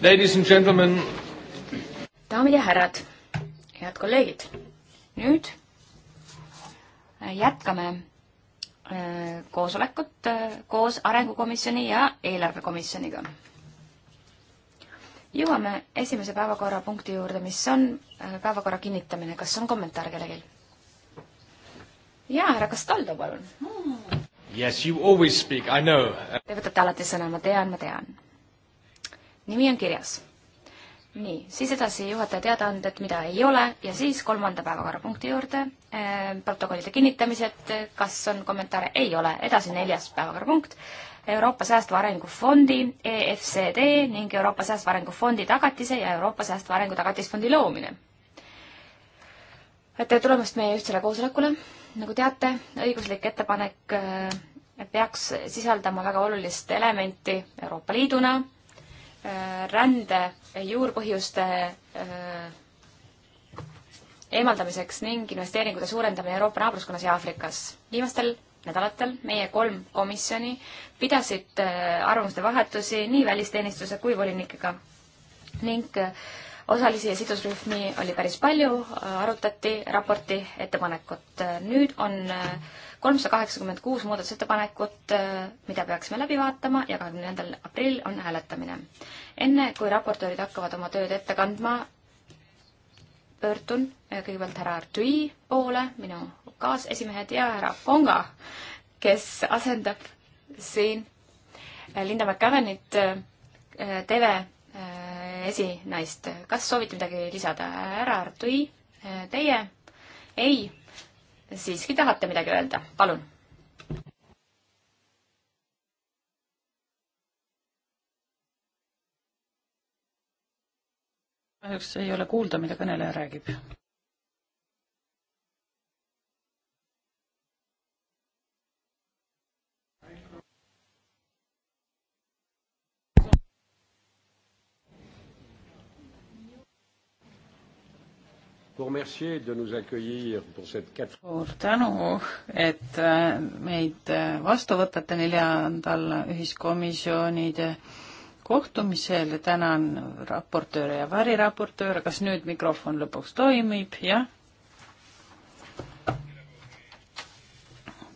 Ladies and gentlemen. daamid ja härrad, head kolleegid, nüüd äh, jätkame äh, koosolekut äh, koos Arengukomisjoni ja Eelarvekomisjoniga. jõuame esimese päevakorrapunkti juurde, mis on päevakorra kinnitamine. kas on kommentaar kellelgi? jaa, härra Castaldo, palun mm.. Yes, you always speak, I know. Te võtate alati sõna, ma tean, ma tean nimi on kirjas. nii, siis edasi juhataja teadaanded, mida ei ole ja siis kolmanda päevakorrapunkti juurde eh, protokollide kinnitamised, kas on kommentaare, ei ole, edasi neljas päevakorrapunkt. Euroopa Säästva Arengu Fondi, EFCD ning Euroopa Säästva Arengu Fondi tagatise ja Euroopa Säästva Arengu tagatisfondi loomine tere tulemast meie ühtsele koosolekule. nagu teate, õiguslik ettepanek eh, peaks sisaldama väga olulist elementi Euroopa Liiduna Äh, rände juurpõhjuste äh, eemaldamiseks ning investeeringute suurendamine Euroopa naabruskonnas ja Aafrikas. viimastel nädalatel meie kolm komisjoni pidasid äh, arvamuste vahetusi nii välisteenistuse kui volinikega ning osalisi ja sidusrühmi oli päris palju, arutati raporti ettepanekut. nüüd on äh, kolmsada kaheksakümmend kuus muudatusettepanekut, äh, mida peaksime läbi vaatama ja kahekümne neljandal aprillil on hääletamine. enne, kui raportöörid hakkavad oma tööd ette kandma, pöördun äh, kõigepealt härra Artui poole, minu kaasesimehed ja härra Ponga, kes asendab siin äh, Linda McCavenit, TV esinaist. kas soovite midagi lisada, härra Artui, teie? ei siiski tahate midagi öelda, palun. kahjuks ei ole kuulda, mida kõneleja räägib. suur tänu, et äh, meid äh, vastu võtate neljandal ühiskomisjonide kohtumisel. tänan raportööre ja variraportööre. kas nüüd mikrofon lõpuks toimib? jah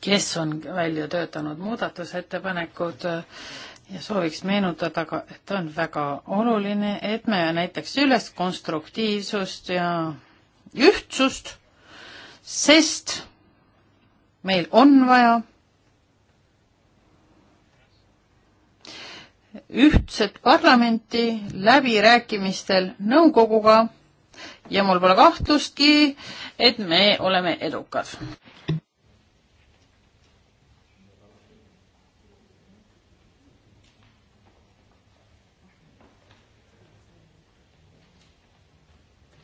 kes on välja töötanud muudatusettepanekud ja sooviks meenutada ka, et on väga oluline, et me näitaks üles konstruktiivsust ja ühtsust, sest meil on vaja ühtset parlamenti läbirääkimistel nõukoguga ja mul pole kahtlustki, et me oleme edukad.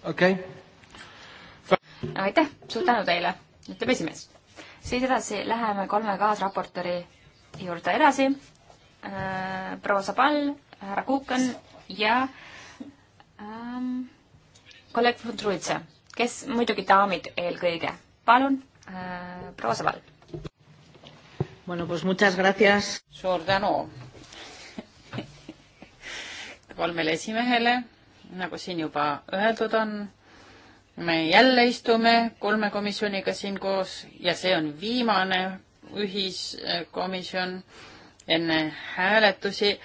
okei okay aitäh, suur tänu teile, ütleb esimees. siit edasi läheme kolme kaasraportööri juurde edasi. Äh, proua Sabal, härra Kuukan ja ähm, kolleeg Fundruitse, kes muidugi daamid eelkõige. palun äh,, proua Sabal. Bueno, pues muchas gracias. suur tänu kolmele esimehele, nagu siin juba öeldud on me jälle istume kolme komisjoniga siin koos ja see on viimane ühiskomisjon enne hääletusi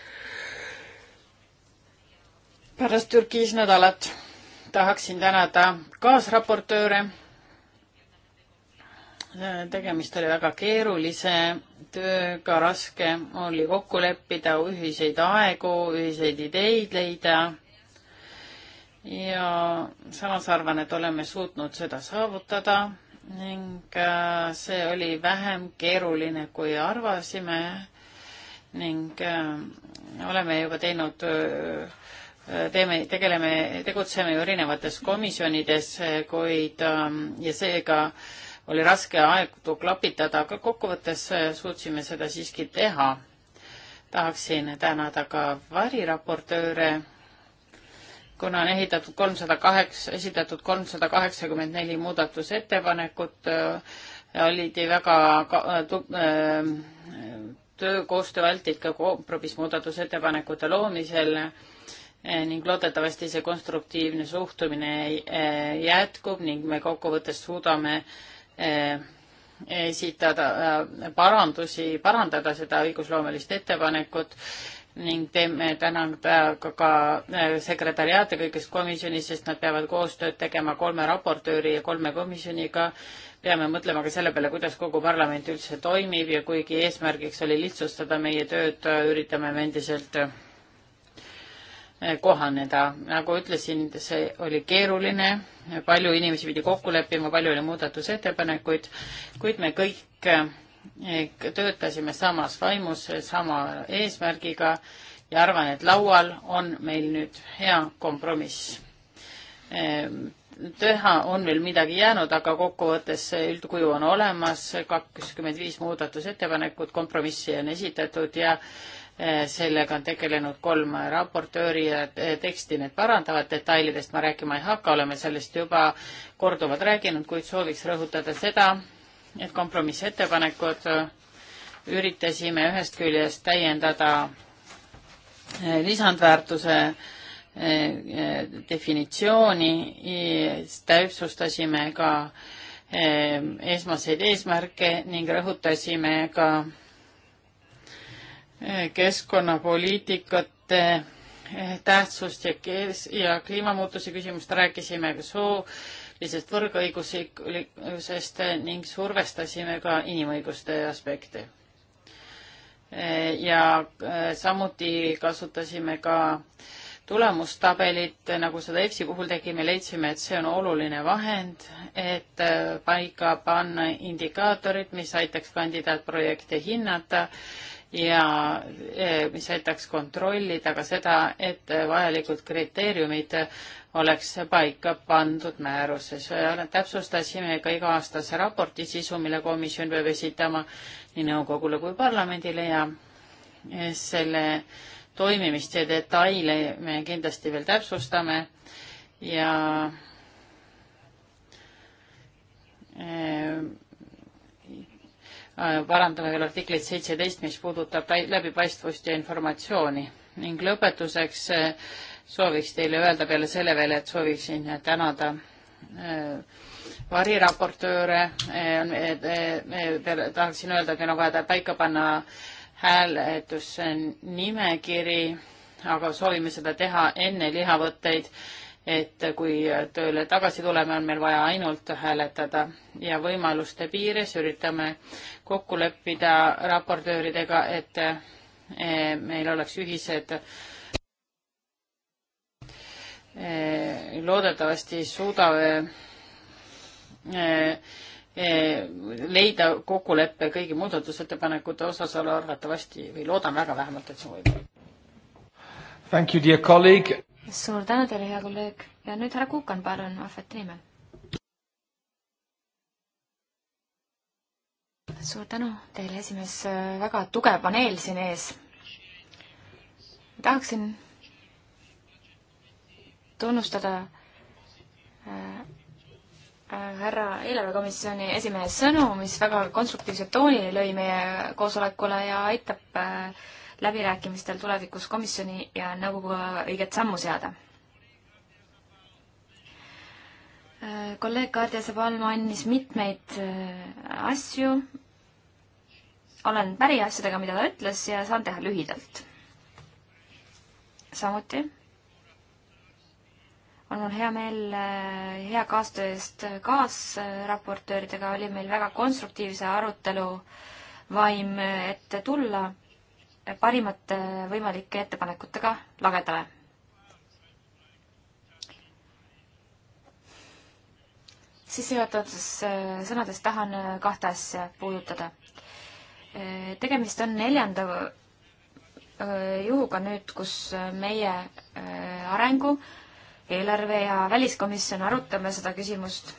pärast Türgis nädalat. tahaksin tänada kaasraportööre. tegemist oli väga keerulise tööga, raske oli kokku leppida, ühiseid aegu, ühiseid ideid leida ja samas arvan, et oleme suutnud seda saavutada ning äh, see oli vähem keeruline, kui arvasime ning äh, oleme juba teinud, äh, teeme, tegeleme, tegutseme ju erinevates komisjonides, kuid ähm, ja seega oli raske aegu klapitada, aga kokkuvõttes suutsime seda siiski teha. tahaksin tänada ka variraportööre kuna on ehitatud kolmsada kaheksa, esitatud kolmsada kaheksakümmend neli muudatusettepanekut, äh, olid väga äh, äh, töökoostööaltid ka kompromissmuudatusettepanekute loomisel ning loodetavasti see konstruktiivne suhtumine jätkub ning me kokkuvõttes suudame esitada parandusi, parandada seda õigusloomelist ettepanekut ning teeme tänada ka, ka äh, sekretäriaate kõigist komisjonist, sest nad peavad koostööd tegema kolme raportööri ja kolme komisjoniga. peame mõtlema ka selle peale, kuidas kogu parlament üldse toimib ja kuigi eesmärgiks oli lihtsustada meie tööd, äh, üritame me endiselt äh, kohaneda. nagu ütlesin, see oli keeruline, palju inimesi pidi kokku leppima, palju oli muudatusettepanekuid, kuid me kõik töötasime samas vaimus, sama eesmärgiga ja arvan, et laual on meil nüüd hea kompromiss. Ehm, teha on veel midagi jäänud, aga kokkuvõttes üldkuju on olemas, kakskümmend viis muudatusettepanekut, kompromissi on esitatud ja eh, sellega on tegelenud kolm raportööri ja eh, teksti need parandavad, detailidest ma rääkima ei hakka, oleme sellest juba korduvalt rääkinud, kuid sooviks rõhutada seda, et kompromissettepanekud äh, üritasime ühest küljest täiendada äh, lisandväärtuse äh, definitsiooni, täpsustasime ka esmaseid eesmärke ning rõhutasime ka keskkonnapoliitikate tähtsust ja kees- ja kliimamuutuse küsimust rääkisime ka soo sellisest võrgõiguslikkusest ning survestasime ka inimõiguste aspekte. ja äh, samuti kasutasime ka tulemustabelit, nagu seda EFSi puhul tegime, leidsime, et see on oluline vahend, et äh, paika panna indikaatorid, mis aitaks kandidaatprojekte hinnata ja äh, mis aitaks kontrollida ka seda, et vajalikud kriteeriumid oleks paika pandud määruses. täpsustasime ka iga-aastase raporti sisu, mille komisjon peab esitama nii nõukogule kui parlamendile ja selle toimimist ja detaile me kindlasti veel täpsustame ja äh, parandame veel artiklit seitseteist, mis puudutab läbipaistvust ja informatsiooni ning lõpetuseks äh, sooviks teile öelda peale selle veel, et sooviksin tänada äh, variraportööre, äh, äh, tahaksin öelda, et meil on vaja paika panna hääletusnimekiri, aga soovime seda teha enne lihavõtteid, et kui tööle tagasi tuleme, on meil vaja ainult hääletada ja võimaluste piires üritame kokku leppida raportööridega, et meil oleks ühised Eh, loodetavasti suudame eh, eh, leida kokkuleppe kõigi muudatusettepanekute osas, arvatavasti või loodan väga vähemalt, et see on võimalik. suur tänu teile, hea kolleeg ja nüüd härra Kukan, palun, ahveti nimel. suur tänu teile, esimees, väga tugev paneel siin ees. tahaksin tunnustada äh, äh, härra eelarvekomisjoni esimehe sõnu, mis väga konstruktiivse tooni lõi meie koosolekule ja aitab äh, läbirääkimistel tulevikus komisjoni ja nõukoguga õiget sammu seada. kolleeg Kadri Sepalm andis mitmeid asju. olen päri asjadega, mida ta ütles ja saan teha lühidalt. samuti on mul hea meel äh, hea kaastöö eest kaasraportööridega, oli meil väga konstruktiivse arutelu vaim, äh, et tulla parimate äh, võimalike ettepanekutega lagedale. sissejuhatavates sõnades tahan kahte asja puudutada. tegemist on neljanda juhuga nüüd, kus meie arengu äh, eelarve ja väliskomisjon arutame seda küsimust.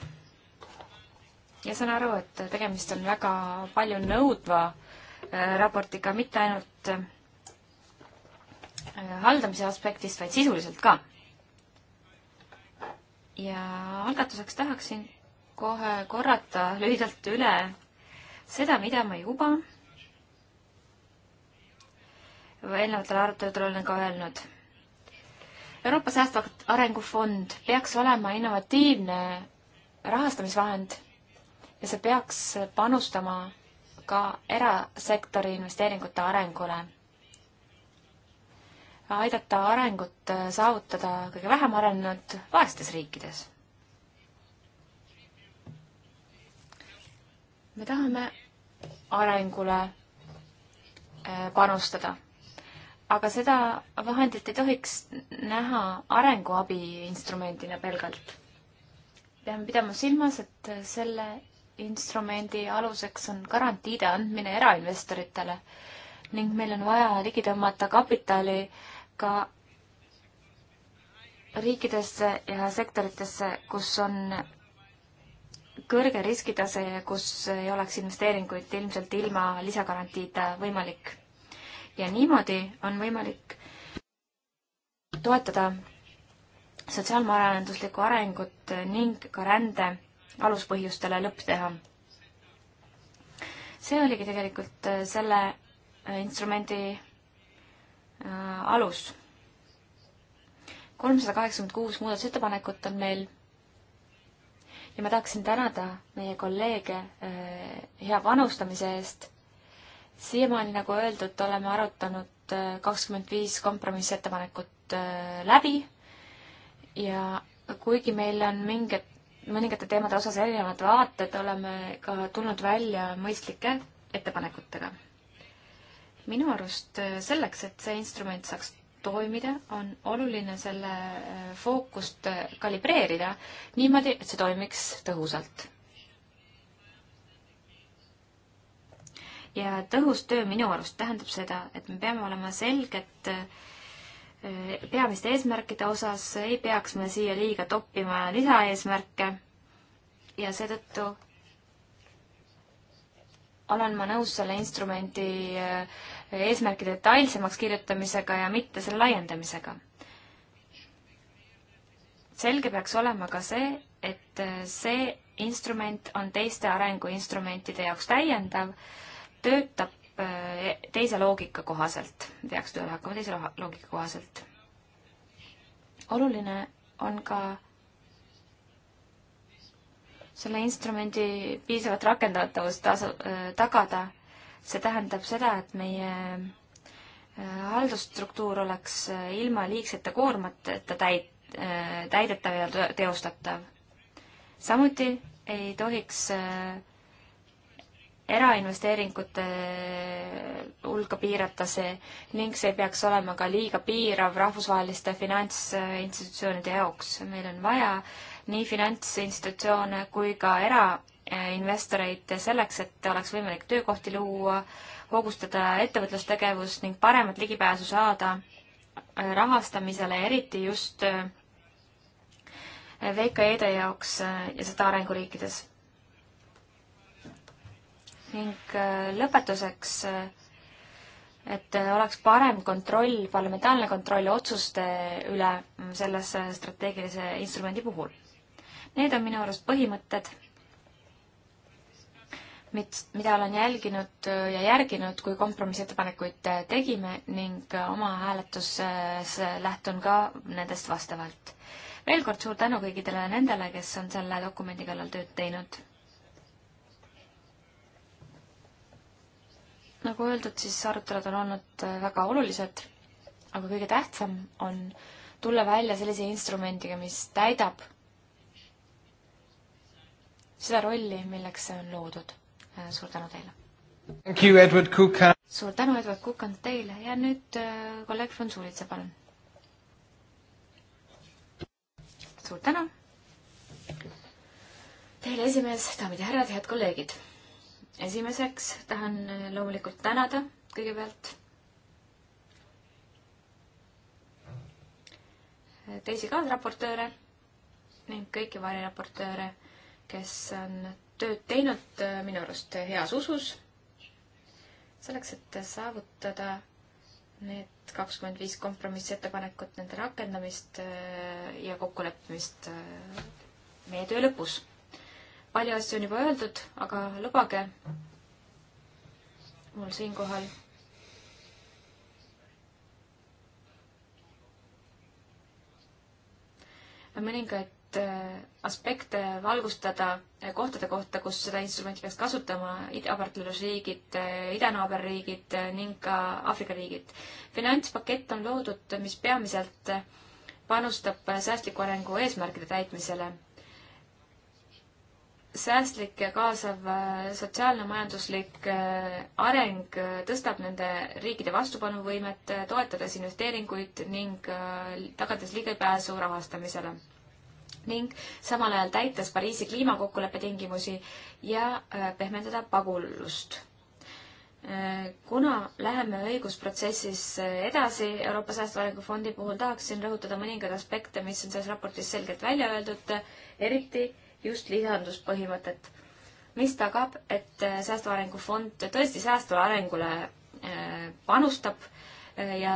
ja saan aru, et tegemist on väga palju nõudva äh, raportiga, mitte ainult äh, haldamise aspektist, vaid sisuliselt ka. ja algatuseks tahaksin kohe korrata lühidalt üle seda, mida ma juba eelnevatel aruteludel olen ka öelnud Euroopa Säästvat Arengufond peaks olema innovatiivne rahastamisvahend ja see peaks panustama ka erasektori investeeringute arengule. aidata arengut saavutada kõige vähem arenenud vaestes riikides. me tahame arengule eh, panustada aga seda vahendit ei tohiks näha arenguabi instrumendina pelgalt. peame pidama silmas, et selle instrumendi aluseks on garantiide andmine erainvestoritele ning meil on vaja ligi tõmmata kapitali ka riikidesse ja sektoritesse, kus on kõrge riskitase ja kus ei oleks investeeringuid ilmselt ilma lisagarantiita võimalik ja niimoodi on võimalik toetada sotsiaalmajanduslikku arengut ning ka rände aluspõhjustele lõpp teha. see oligi tegelikult äh, selle äh, instrumendi äh, alus. kolmsada kaheksakümmend kuus muudatusettepanekut on meil ja ma tahaksin tänada meie kolleege hea panustamise eest siiamaani, nagu öeldud, oleme arutanud äh, kakskümmend viis kompromissettepanekut äh, läbi ja kuigi meil on mingid, mõningate teemade osas erinevad vaated, oleme ka tulnud välja mõistlike ettepanekutega. minu arust äh, selleks, et see instrument saaks toimida, on oluline selle fookust kalibreerida niimoodi, et see toimiks tõhusalt ja tõhus töö minu arust tähendab seda, et me peame olema selged äh, peamiste eesmärkide osas, ei peaks me siia liiga toppima lisaeesmärke ja seetõttu olen ma nõus selle instrumendi äh, eesmärgi detailsemaks kirjutamisega ja mitte selle laiendamisega. selge peaks olema ka see, et äh, see instrument on teiste arenguinstrumentide jaoks täiendav töötab äh, teise loogika kohaselt, peaks tööle hakkama teise loogika kohaselt. oluline on ka selle instrumendi piisavat rakendatavust tasu, äh, tagada. see tähendab seda, et meie äh, haldusstruktuur oleks ilma liigsete koormateta täit-, täidetav ja teostatav. samuti ei tohiks äh, erainvesteeringute hulka piirata see ning see ei peaks olema ka liiga piirav rahvusvaheliste finantsinstitutsioonide jaoks. meil on vaja nii finantsinstitutsioone kui ka erainvestoreid selleks, et oleks võimalik töökohti luua, hoogustada ettevõtlustegevust ning paremat ligipääsu saada rahastamisele, eriti just VKE-de jaoks ja seda arenguriikides ning äh, lõpetuseks, äh, et äh, oleks parem kontroll, parlamentaarne kontroll otsuste üle mm, selles strateegilise instrumendi puhul. Need on minu arust põhimõtted, mit-, mida olen jälginud ja järginud, kui kompromissettepanekuid tegime ning oma hääletuses lähtun ka nendest vastavalt. veel kord suur tänu kõigidele nendele, kes on selle dokumendi kallal tööd teinud nagu öeldud, siis arutelud on olnud äh, väga olulised, aga kõige tähtsam on tulla välja sellise instrumendiga, mis täidab seda rolli, milleks see on loodud. Äh, suur tänu teile! suur tänu, Edward Kukan, teile ja nüüd äh, kolleeg Fransuulitsa, palun! suur tänu! Teile esimees, daamid ja härrad, head kolleegid! esimeseks tahan äh, loomulikult tänada kõigepealt äh, teisi kaasraportööre ning kõiki variraportööre, kes on tööd teinud äh, minu arust heas usus, selleks, et saavutada need kakskümmend viis kompromissettepanekut, nende rakendamist ja kokkuleppimist meie töö lõpus palju asju on juba öeldud, aga lubage mul siinkohal mõningaid äh, aspekte valgustada äh, kohtade kohta, kus seda instrumenti peaks kasutama, idapartnerlusriigid, äh, idanaaberriigid ning ka Aafrika riigid. finantspakett on loodud, mis peamiselt panustab säästliku arengu eesmärkide täitmisele säästlik ja kaasav äh, sotsiaalne majanduslik äh, areng äh, tõstab nende riikide vastupanuvõimet, toetades investeeringuid ning tagades ligipääsu rahastamisele. ning samal ajal täites Pariisi kliimakokkuleppe tingimusi ja pehmendada pagulust. kuna läheme õigusprotsessis edasi Euroopa Säästva Arengu Fondi puhul, tahaksin rõhutada mõningaid aspekte, mis on selles raportis selgelt välja öeldud, eriti just lisanduspõhimõtet, mis tagab, et äh, säästva arengu fond tõesti säästva arengule äh, panustab äh, ja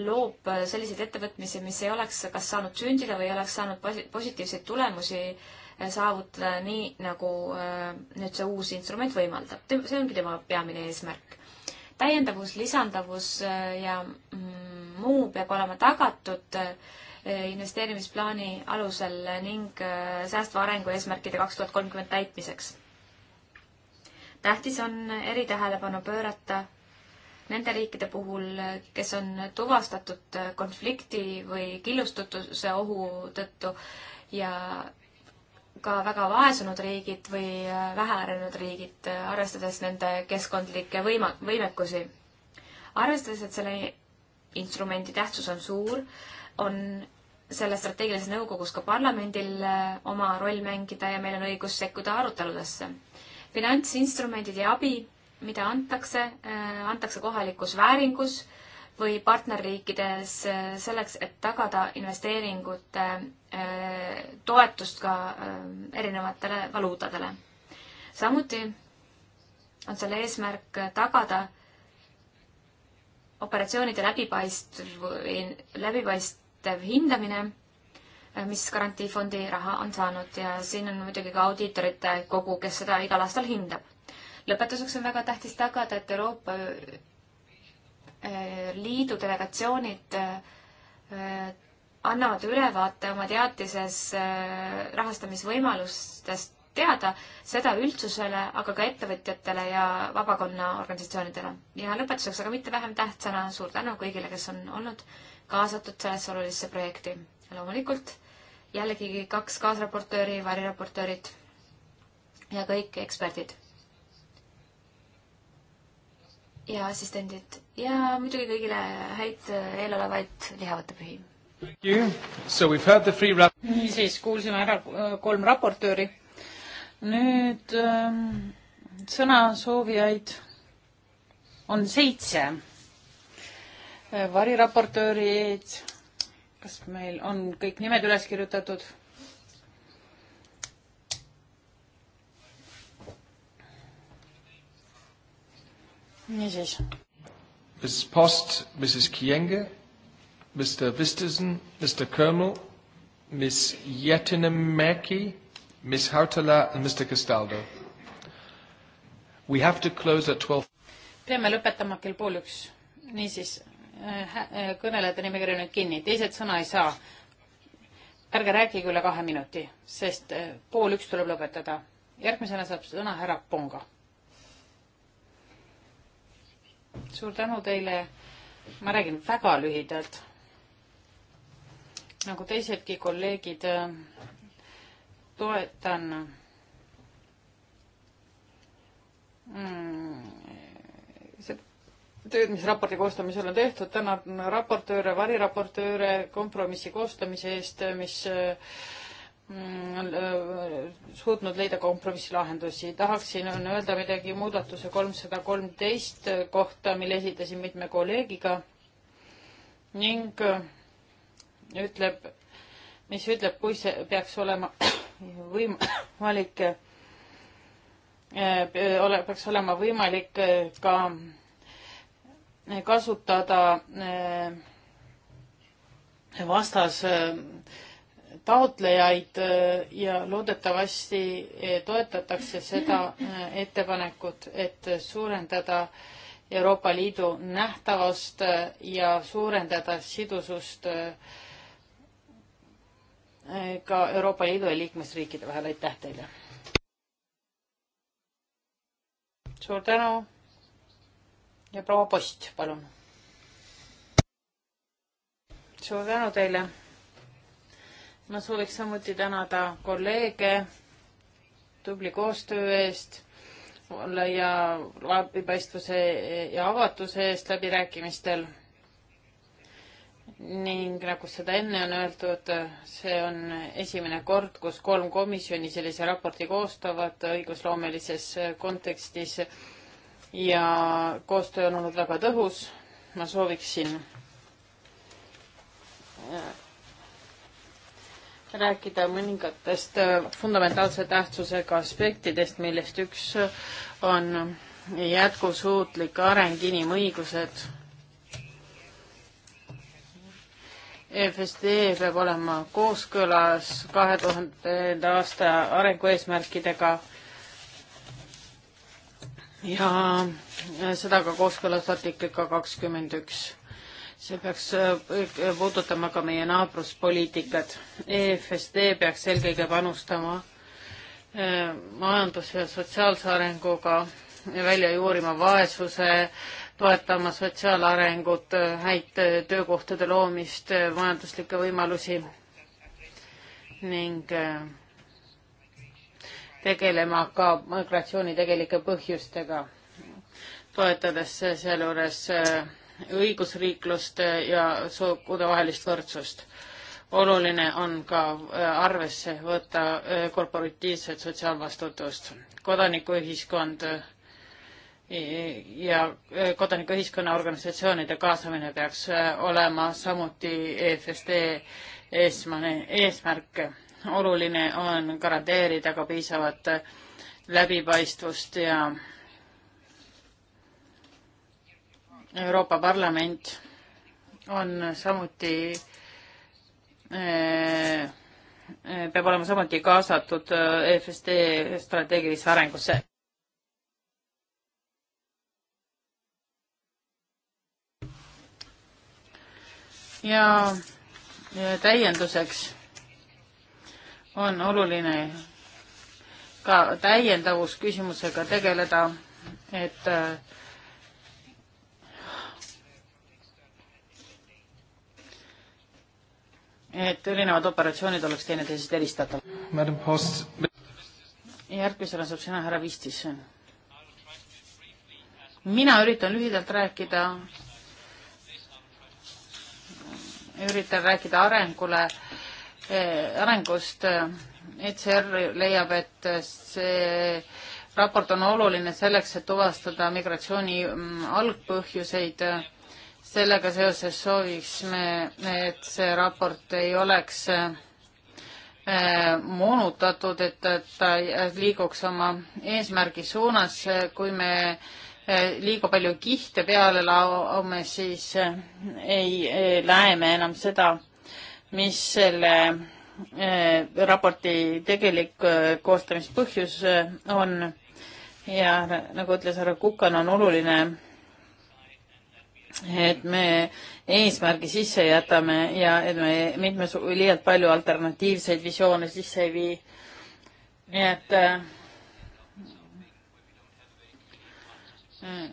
loob selliseid ettevõtmisi, mis ei oleks kas saanud sündida või ei oleks saanud posi-, positiivseid tulemusi saavutada nii, nagu nüüd see uus instrument võimaldab. see ongi tema peamine eesmärk. täiendavus, lisandavus ja mm, muu peab olema tagatud äh, Eh, investeerimisplaani alusel ning eh, säästva arengu eesmärkide kaks tuhat kolmkümmend täitmiseks. tähtis on eritähelepanu pöörata nende riikide puhul, kes on tuvastatud eh, konflikti või killustatuse ohu tõttu ja ka väga vaesunud riigid või vähearenenud riigid, arvestades nende keskkondlikke võima-, võimekusi. arvestades, et selle instrumendi tähtsus on suur, on selles strateegilises nõukogus ka parlamendil äh, oma roll mängida ja meil on õigus sekkuda aruteludesse. finantsinstrumendid ja abi, mida antakse, äh, antakse kohalikus vääringus või partnerriikides äh, selleks, et tagada investeeringute toetust ka erinevatele valuutadele. samuti on selle eesmärk tagada operatsioonide läbipaist-, läbipaist-, ettevalmistav hindamine, äh, mis garantiifondi raha on saanud ja siin on muidugi ka audiitorite kogu, kes seda igal aastal hindab. lõpetuseks on väga tähtis tagada, et Euroopa äh, Liidu delegatsioonid äh, annavad ülevaate oma teatises rahastamisvõimalustest teada, seda üldsusele, aga ka ettevõtjatele ja vabakonna organisatsioonidele. ja lõpetuseks, aga mitte vähem tähtsana, suur tänu kõigile, kes on olnud kaasatud sellesse olulisse projekti. loomulikult jällegi kaks kaasraportööri, variraportöörid ja kõik eksperdid. ja assistendid ja muidugi kõigile häid eelolevaid lihavõttepühi. niisiis, kuulsime ära kolm raportööri nüüd ähm, sõnasoovijaid on seitse. Äh, variraportöörid, kas meil on kõik nimed üles kirjutatud? niisiis. Mrs Post, Mrs Kienge, Mr Vistesen, Mr Kermel, Miss Jätinemägi Ms. Hautala and Mr. Castaldo. We have to close at 12. peame lõpetama kell pool üks. niisiis äh,, äh, kõnelejate nimekiri on nüüd kinni, teised sõna ei saa. ärge rääkige üle kahe minuti, sest äh, pool üks tuleb lõpetada. järgmisena saab sõna härra Ponga. suur tänu teile. ma räägin väga lühidalt. nagu teisedki kolleegid äh, toetan mm, see tööd, mis raporti koostamisel on tehtud, tänan raportööre, variraportööre kompromissi koostamise eest, mis mm, on äh, suutnud leida kompromisslahendusi. tahaksin öelda midagi muudatuse kolmsada kolmteist kohta, mille esitasin mitme kolleegiga ning äh, ütleb, mis ütleb, kui see peaks olema võimalik, eh, peaks olema võimalik eh, ka eh, kasutada vastas taotlejaid ja loodetavasti toetatakse seda ettepanekut, et suurendada Euroopa Liidu nähtavust ja suurendada sidusust äh, ka Euroopa Liidu ja liikmesriikide vahel, aitäh teile! suur tänu ja proua Post, palun! suur tänu teile! ma sooviks samuti tänada kolleege tubli koostöö eest ja läbipaistvuse ja avatuse eest läbirääkimistel ning nagu seda enne on öeldud, see on esimene kord, kus kolm komisjoni sellise raporti koostavad õigusloomelises kontekstis ja koostöö on olnud väga tõhus. ma sooviksin äh, rääkida mõningatest äh, fundamentaalse tähtsusega aspektidest, millest üks äh, on jätkusuutlik areng, inimõigused FSD peab olema kooskõlas kahe tuhande aasta arengueesmärkidega ja seda ka kooskõlas artikliga kakskümmend üks. see peaks äh, puudutama ka meie naabruspoliitikat. EFSD peaks eelkõige panustama äh, majandus- ja sotsiaalse arenguga, välja juurima vaesuse, toetama sotsiaalarengut, häid töökohtade loomist, majanduslikke võimalusi ning äh, tegelema ka migratsiooni tegelike põhjustega, toetades sealjuures äh, õigusriiklust ja sugude vahelist võrdsust. oluline on ka äh, arvesse võtta korporatiivset sotsiaalvastutust. kodanikuühiskond ja kodanikuühiskonna organisatsioonide kaasamine peaks äh, olema samuti EFSD esmane eesmärk. oluline on garanteerida ka piisavat läbipaistvust ja Euroopa Parlament on samuti, äh, äh, peab olema samuti kaasatud EFSD strateegilisse arengusse ja täienduseks on oluline ka täiendavusküsimusega tegeleda, et et erinevad operatsioonid oleks teineteisest eristatavad. järgmisena saab sõna härra Vistis. mina üritan lühidalt rääkida üritan rääkida arengule, eh, arengust. ECR leiab, et see raport on oluline selleks, et tuvastada migratsiooni mm, algpõhjuseid. sellega seoses sooviksime, et see raport ei oleks eh, moonutatud, et ta liiguks oma eesmärgi suunas, kui me liiga palju kihte peale laome, siis eh, ei eh, näe me enam seda, mis selle eh, raporti tegelik koostamispõhjus on. ja nagu ütles härra Kukan, on oluline, et me eesmärgi sisse jätame ja et me mitmes, liialt palju alternatiivseid visioone sisse ei vii. nii et äh, Mm.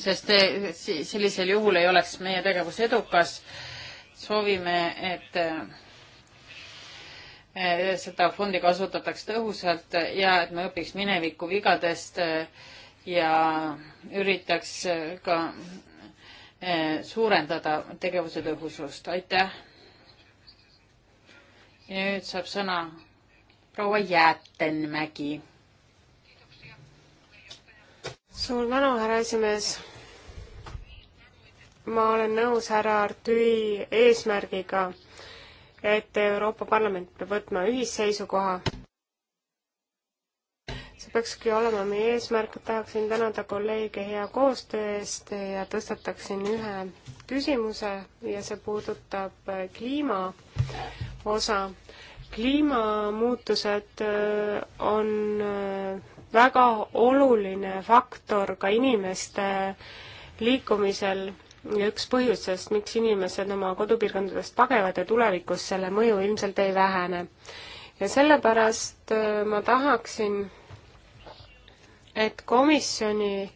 sest eh, sellisel juhul ei oleks meie tegevus edukas. soovime, et eh, seda fondi kasutatakse tõhusalt ja et me õpiks mineviku vigadest eh, ja üritaks ka suurendada tegevuse tõhusust. aitäh. nüüd saab sõna proua Jäätenmägi suur tänu, härra esimees. ma olen nõus härra Artüi eesmärgiga, et Euroopa Parlament peab võtma ühisseisukoha see peakski olema meie eesmärk, tahaksin tänada kolleege hea koostöö eest ja tõstataksin ühe küsimuse ja see puudutab kliima osa. kliimamuutused äh, on äh, väga oluline faktor ka inimeste liikumisel ja üks põhjusest, miks inimesed oma kodupiirkondadest pagevad ja tulevikus selle mõju ilmselt ei vähene. ja sellepärast äh, ma tahaksin, et komisjoni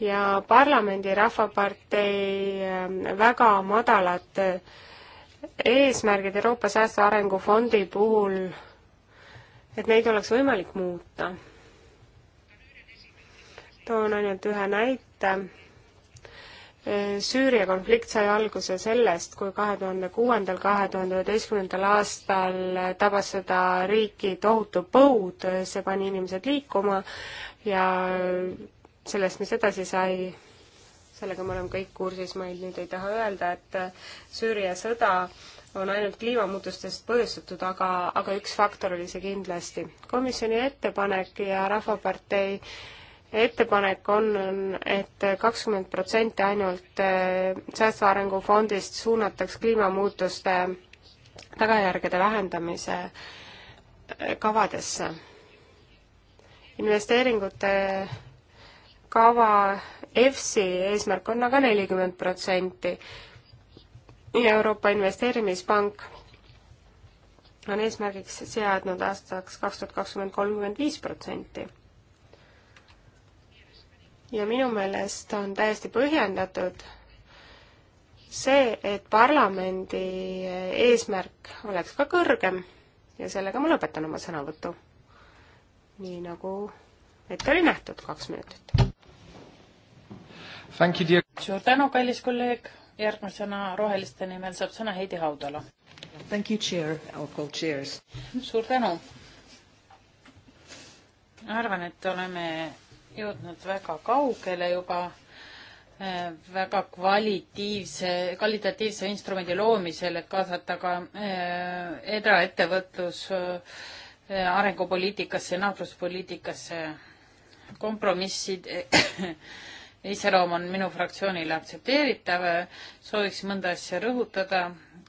ja parlamendi Rahvapartei äh, väga madalad äh, eesmärgid Euroopa Säästva Arengu Fondi puhul, et neid oleks võimalik muuta toon ainult ühe näite. Süüria konflikt sai alguse sellest, kui kahe tuhande kuuendal, kahe tuhande üheteistkümnendal aastal tabas seda riiki tohutu põud, see pani inimesed liikuma ja sellest, mis edasi sai, sellega me oleme kõik kursis, ma nüüd ei taha öelda, et Süüria sõda on ainult kliimamuutustest põhjustatud, aga, aga üks faktor oli see kindlasti. komisjoni ettepanek ja Rahvapartei ettepanek on, et kakskümmend protsenti ainult äh, säästva arengu fondist suunataks kliimamuutuste tagajärgede vähendamise äh, kavadesse. investeeringute kava EFSI eesmärk on aga nelikümmend protsenti. Euroopa Investeerimispank on eesmärgiks seadnud aastaks kaks tuhat kakskümmend kolmkümmend viis protsenti ja minu meelest on täiesti põhjendatud see, et parlamendi eesmärk oleks ka kõrgem ja sellega ma lõpetan oma sõnavõtu. nii nagu ette oli nähtud, kaks minutit. suur tänu, kallis kolleeg, järgmisena Roheliste nimel saab sõna Heidi Haudala. suur tänu. arvan, et oleme jõudnud väga kaugele juba eh, väga kvalitatiivse, kvalitatiivse instrumendi loomisel, et kaasata ka eh, eraettevõtlus eh, arengupoliitikasse ja naabruspoliitikasse. kompromissid iseloom on minu fraktsioonile aktsepteeritav, sooviks mõnda asja rõhutada,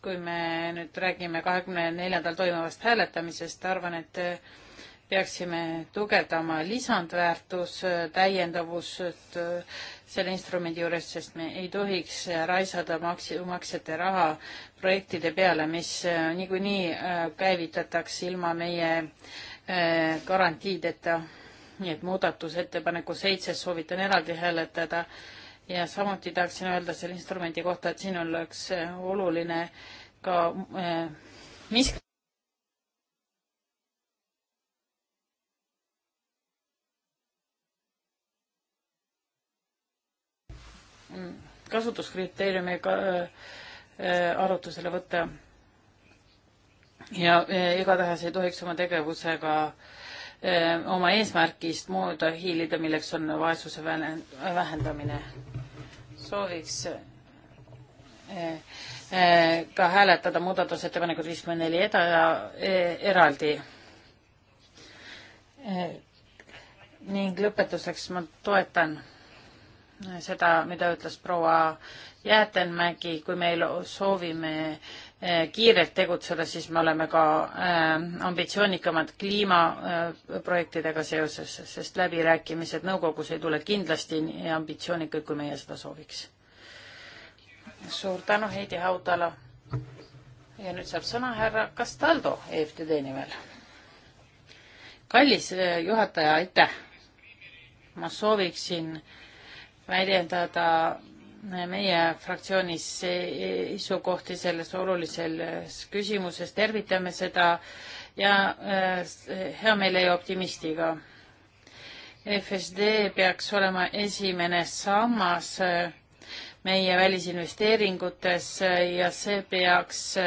kui me nüüd räägime kahekümne neljandal toimuvast hääletamisest, arvan, et peaksime tugevdama lisandväärtus, täiendavust äh, selle instrumendi juures, sest me ei tohiks raisada maks-, maksjate raha projektide peale, mis äh, niikuinii äh, käivitatakse ilma meie garantiideta. nii et muudatusettepaneku seitses soovitan eraldi hääletada ja samuti tahaksin öelda selle instrumendi kohta, et siin oleks oluline ka mis kasutuskriteeriumi ka, äh, äh, arutusele võtta. ja äh, igatahes ei tohiks oma tegevusega oma eesmärgist mööda hiilida, milleks on vaesuse vähendamine. sooviks ka hääletada muudatusettepanekut viiskümmend neli eda- ja eraldi. ning lõpetuseks ma toetan seda, mida ütles proua Jäätenmägi, kui me soovime eh, kiirelt tegutseda, siis me oleme ka eh, ambitsioonikamad kliimaprojektidega eh, seoses, sest läbirääkimised nõukogus ei tule kindlasti nii ambitsioonikaid, kui meie seda sooviks. suur tänu, Heidi Haudala. ja nüüd saab sõna härra Castaldo EFTD nimel. kallis juhataja, aitäh. ma sooviksin äh, väljendada meie fraktsioonis seisukohti selles olulises küsimuses, tervitame seda ja äh, hea meele ja optimistiga. FSD peaks olema esimene sammas äh, meie välisinvesteeringutes äh, ja see peaks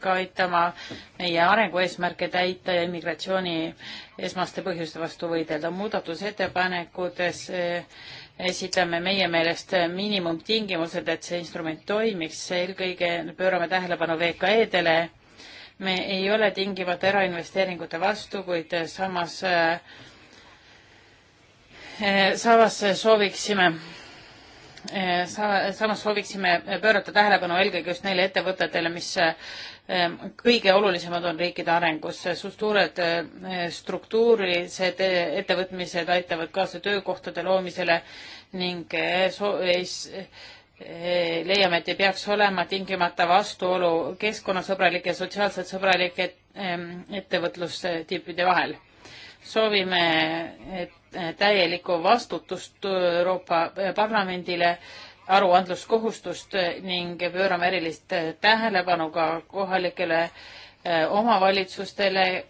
ka aitama meie arengueesmärke täita ja immigratsiooni esmaste põhjuste vastu võidelda. muudatusettepanekutes esitame meie meelest miinimumtingimused, et see instrument toimiks, eelkõige pöörame tähelepanu VKE-dele. me ei ole tingimata erainvesteeringute vastu, kuid samas, eh, samas sooviksime eh, sa-, samas sooviksime pöörata tähelepanu eelkõige just neile ettevõtetele, mis Ehm, kõige olulisemad on riikide arengus. suured ehm, struktuurilised eh, ettevõtmised aitavad kaasa töökohtade loomisele ning eh, so-, eh, leiame, et ei peaks olema tingimata vastuolu keskkonnasõbralike ja sotsiaalselt sõbralike ehm, ettevõtlustüüpide vahel. soovime täielikku vastutust Euroopa Parlamendile aruandluskohustust ning pöörame erilist tähelepanu ka kohalikele eh, omavalitsustele.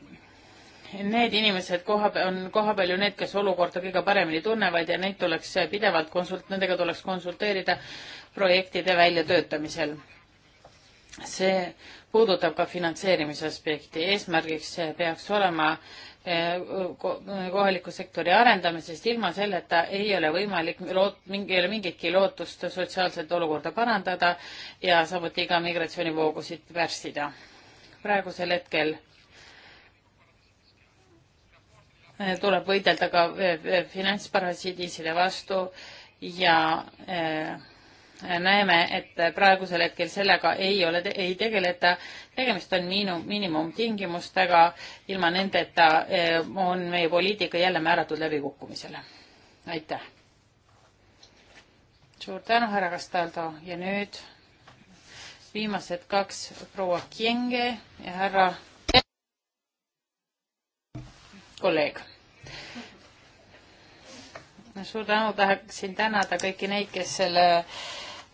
Need inimesed koha, on kohapeal ju need, kes olukorda kõige paremini tunnevad ja neid tuleks pidevalt konsult-, nendega tuleks konsulteerida projektide väljatöötamisel see puudutab ka finantseerimise aspekti, eesmärgiks peaks olema eh, kohaliku sektori arendamisest, ilma selleta ei ole võimalik loot-, mingi, ei ole mingitki lootust sotsiaalset olukorda parandada ja samuti ka migratsioonivoogusid pärssida. praegusel hetkel eh, tuleb võidelda ka eh, finantsparasiidiside vastu ja äh, näeme, et praegusel hetkel sellega ei ole, ei tegeleta. tegemist on miinu-, miinimumtingimustega, ilma nendeta eh, on meie poliitika jälle määratud läbikukkumisele. aitäh! suur tänu, härra Castaldo ja nüüd viimased kaks, proua Kienge ja härra kolleeg. suur tänu, tahaksin tänada kõiki neid, kes selle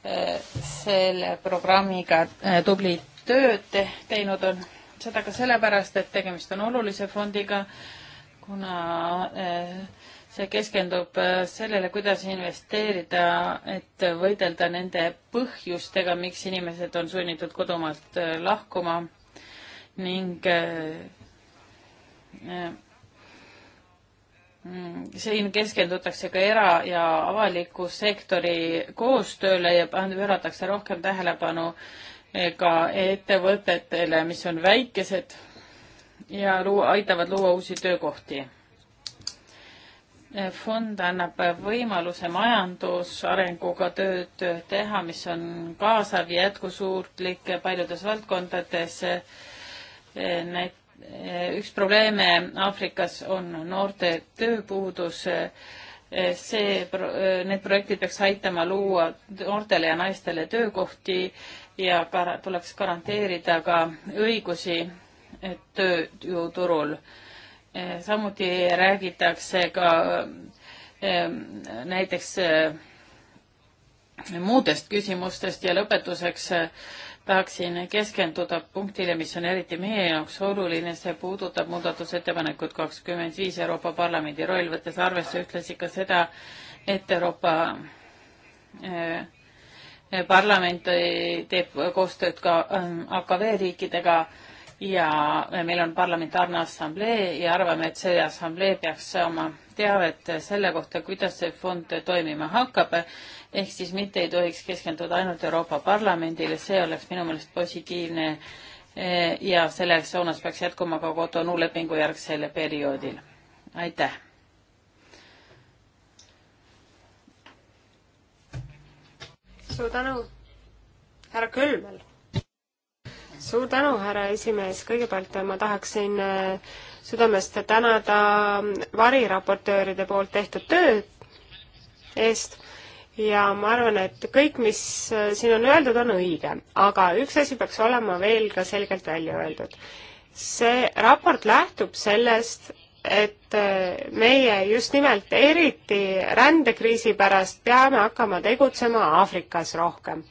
selle programmiga äh, tublit tööd te teinud on, seda ka sellepärast, et tegemist on olulise fondiga, kuna äh, see keskendub äh, sellele, kuidas investeerida, et võidelda nende põhjustega, miks inimesed on sunnitud kodumaalt lahkuma ning Mm, siin keskendutakse ka era- ja avaliku sektori koostööle ja pööratakse rohkem tähelepanu eh, ka ettevõtetele, mis on väikesed ja luua, aitavad luua uusi töökohti. Eh, fond annab võimaluse majandusarenguga tööd teha, mis on kaasav ja jätkusuutlik paljudes valdkondades. Eh, Need Eh, üks probleeme Aafrikas on noorte tööpuudus. Eh, see, eh, need projektid peaks aitama luua noortele ja naistele töökohti ja kar tuleks garanteerida ka õigusi tööjõuturul. samuti räägitakse ka näiteks muudest küsimustest ja lõpetuseks tahaksin keskenduda punktile, mis on eriti meie jaoks oluline, see puudutab muudatusettepanekut kakskümmend viis Euroopa Parlamendi roll, võttes arvesse ühtlasi ka seda, et Euroopa eh, eh, parlament eh, teeb koostööd ka AKV riikidega ja meil on parlamentaarne assamblee ja arvame, et see assamblee peaks saama teavet selle kohta, kuidas see fond toimima hakkab. ehk siis mitte ei tohiks keskenduda ainult Euroopa Parlamendile, see oleks minu meelest positiivne eh, ja selles suunas peaks jätkuma ka Cotonou lepingu järgsel perioodil. aitäh. suur tänu, härra Kölmel suur tänu, härra esimees, kõigepealt äh, ma tahaksin äh, südamest tänada mm, variraportööride poolt tehtud töö eest ja ma arvan, et kõik, mis äh, siin on öeldud, on õige, aga üks asi peaks olema veel ka selgelt välja öeldud. see raport lähtub sellest, et meie just nimelt eriti rändekriisi pärast peame hakkama tegutsema Aafrikas rohkem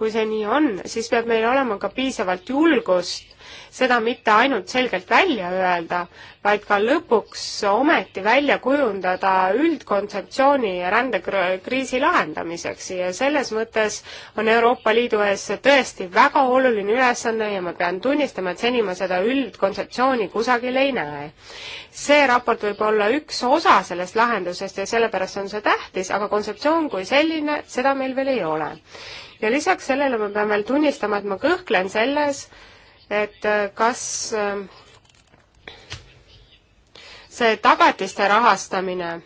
kui see nii on, siis peab meil olema ka piisavalt julgust seda mitte ainult selgelt välja öelda, vaid ka lõpuks ometi välja kujundada üldkontseptsiooni rändekriisi lahendamiseks ja selles mõttes on Euroopa Liidu ees tõesti väga oluline ülesanne ja ma pean tunnistama, et seni ma seda üldkontseptsiooni kusagil ei näe. see raport võib olla üks osa sellest lahendusest ja sellepärast on see tähtis, aga kontseptsioon kui selline, seda meil veel ei ole ja lisaks sellele ma pean veel tunnistama, et ma kõhklen selles, et äh, kas ähm, see tagatiste rahastamine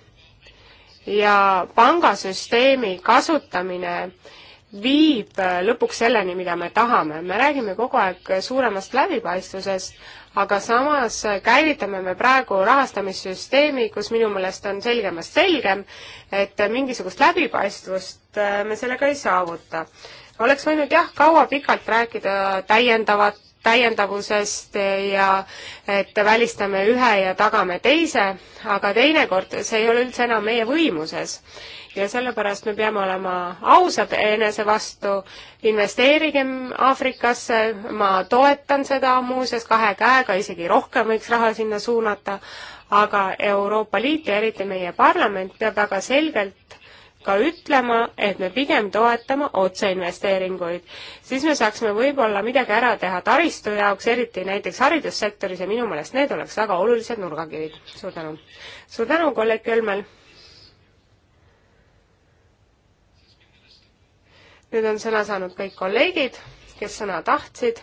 ja pangasüsteemi kasutamine viib äh, lõpuks selleni, mida me tahame. me räägime kogu aeg suuremast läbipaistvusest, aga samas äh, käivitame me praegu rahastamissüsteemi, kus minu meelest on selgemast selgem, et mingisugust läbipaistvust me sellega ei saavuta. oleks võinud jah, kaua pikalt rääkida täiendavat täiendavusest ja et välistame ühe ja tagame teise, aga teinekord see ei ole üldse enam meie võimuses. ja sellepärast me peame olema ausad enese vastu, investeerigem Aafrikasse, ma toetan seda muuseas kahe käega, isegi rohkem võiks raha sinna suunata, aga Euroopa Liit ja eriti meie parlament peab väga selgelt ka ütlema, et me pigem toetame otseinvesteeringuid. siis me saaksime võib-olla midagi ära teha taristu jaoks, eriti näiteks haridussektoris ja minu meelest need oleks väga olulised nurgakivid. suur tänu. suur tänu, kolleeg Kölmel. nüüd on sõna saanud kõik kolleegid, kes sõna tahtsid.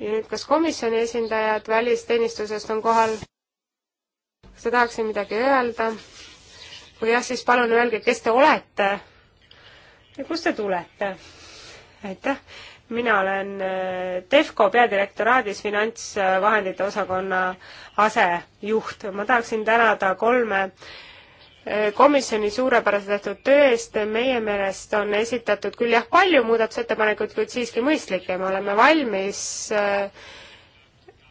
ja nüüd, kas komisjoni esindajad välisteenistusest on kohal? kas te tahaksite midagi öelda? kui jah, siis palun öelge, kes te olete ja kust te tulete? aitäh, mina olen äh, Defco peadirektoraadis finantsvahendite osakonna asejuht. ma tahaksin tänada kolme äh, komisjoni suurepärase tehtud töö eest, meie meelest on esitatud küll jah, palju muudatusettepanekuid, kuid siiski mõistlikke, me oleme valmis äh,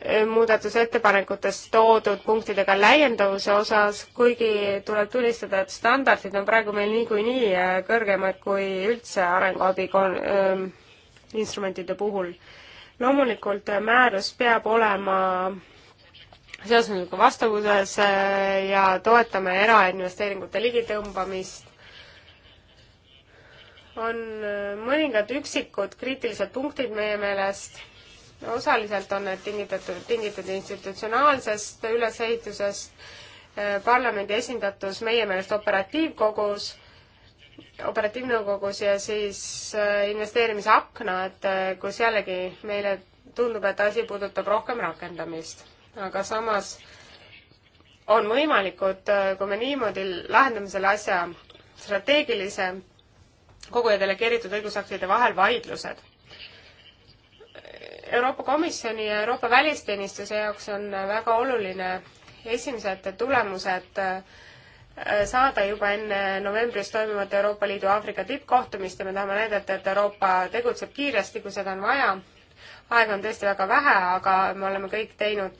Äh, muudatusettepanekutes toodud punktidega läiendavuse osas, kuigi tuleb tunnistada, et standardid on praegu meil niikuinii nii äh, kõrgemad kui üldse arenguabi kon-, äh, instrumentide puhul. loomulikult äh, määrus peab olema seadusandliku vastavuses ja toetame erainvesteeringute ligitõmbamist, on mõningad üksikud kriitilised punktid meie meelest osaliselt on need tingitud, tingitud institutsionaalsest ülesehitusest, eh, parlamendi esindatus meie meelest operatiivkogus, operatiivnõukogus ja siis eh, investeerimisaknad, eh, kus jällegi meile tundub, et asi puudutab rohkem rakendamist. aga samas on võimalikud, kui me niimoodi lahendame selle asja strateegilise kogu ja delegeeritud õigusaktide vahel vaidlused Euroopa Komisjoni ja Euroopa välisteenistuse jaoks on väga oluline esimesed tulemused äh, saada juba enne novembris toimuvat Euroopa Liidu Aafrika tippkohtumist ja me tahame näidata, et Euroopa tegutseb kiiresti, kui seda on vaja. aega on tõesti väga vähe, aga me oleme kõik teinud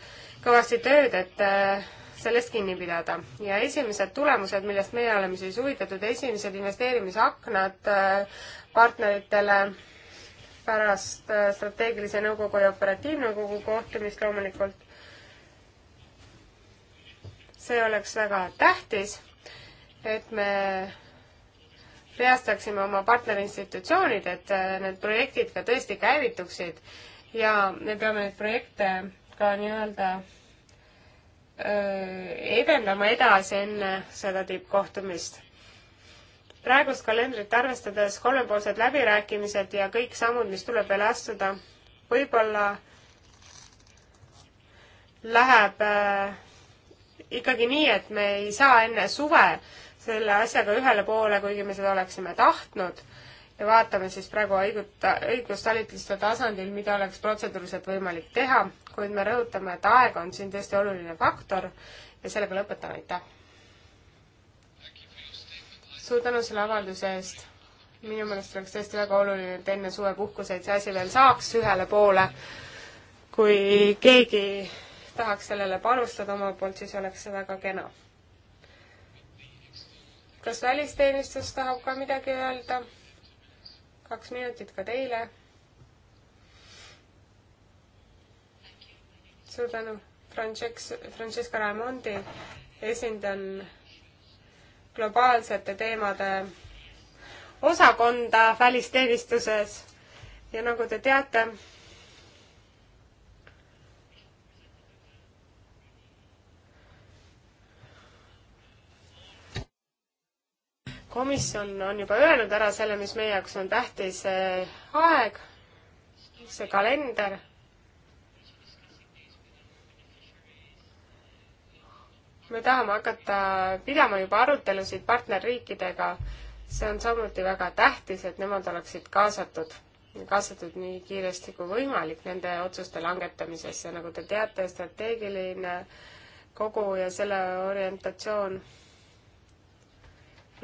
kõvasti tööd, et äh, sellest kinni pidada. ja esimesed tulemused, millest meie oleme siis huvitatud, esimesed investeerimisaknad äh, partneritele pärast äh, strateegilise nõukogu ja operatiivnõukogu kohtumist loomulikult. see oleks väga tähtis, et me reastaksime oma partnerinstitutsioonid, et äh, need projektid ka tõesti käivituksid ja me peame neid projekte ka nii-öelda äh, edendama edasi enne seda tippkohtumist praegust kalendrit arvestades kolmepoolsed läbirääkimised ja kõik sammud, mis tuleb veel astuda, võib-olla läheb äh, ikkagi nii, et me ei saa enne suve selle asjaga ühele poole, kuigi me seda oleksime tahtnud ja vaatame siis praegu õiguta, õigustalitluste tasandil, mida oleks protseduuriliselt võimalik teha, kuid me rõhutame, et aeg on siin tõesti oluline faktor ja sellega lõpetan, aitäh! suur tänu selle avalduse eest. minu meelest oleks tõesti väga oluline, et enne suvepuhkuseid see asi veel saaks ühele poole. kui keegi tahaks sellele panustada omalt poolt, siis oleks see väga kena. kas välisteenistus tahab ka midagi öelda? kaks minutit ka teile. suur tänu, Francesc, Francesca Raimondi, esindan globaalsete teemade osakonda välisteenistuses ja nagu te teate, komisjon on juba öelnud ära selle, mis meie jaoks on tähtis, see aeg, see kalender me tahame hakata pidama juba arutelusid partnerriikidega. see on samuti väga tähtis, et nemad oleksid kaasatud, kaasatud nii kiiresti kui võimalik nende otsuste langetamisesse, nagu te teate, strateegiline kogu ja selle orientatsioon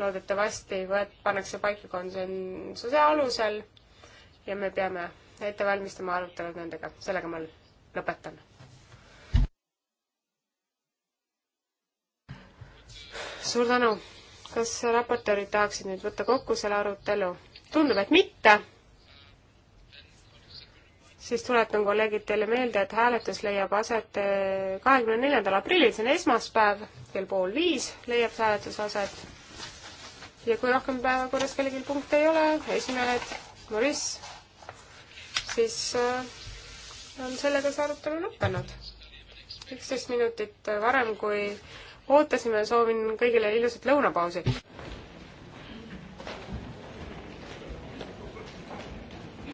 loodetavasti võet-, pannakse paika konsensuse alusel ja me peame ette valmistama arutelud nendega. sellega ma lõpetan suur tänu. kas raportöörid tahaksid nüüd võtta kokku selle arutelu? tundub, et mitte. siis tuletan kolleegid teile meelde, et hääletus leiab aset eh, kahekümne neljandal aprillil, see on esmaspäev, kell pool viis leiab see hääletus aset. ja kui rohkem päevakorras kellelgi punkte ei ole, esimehed, Maris, siis eh, on sellega see arutelu lõppenud. üksteist minutit eh, varem, kui ootasime, soovin kõigile ilusat lõunapausi!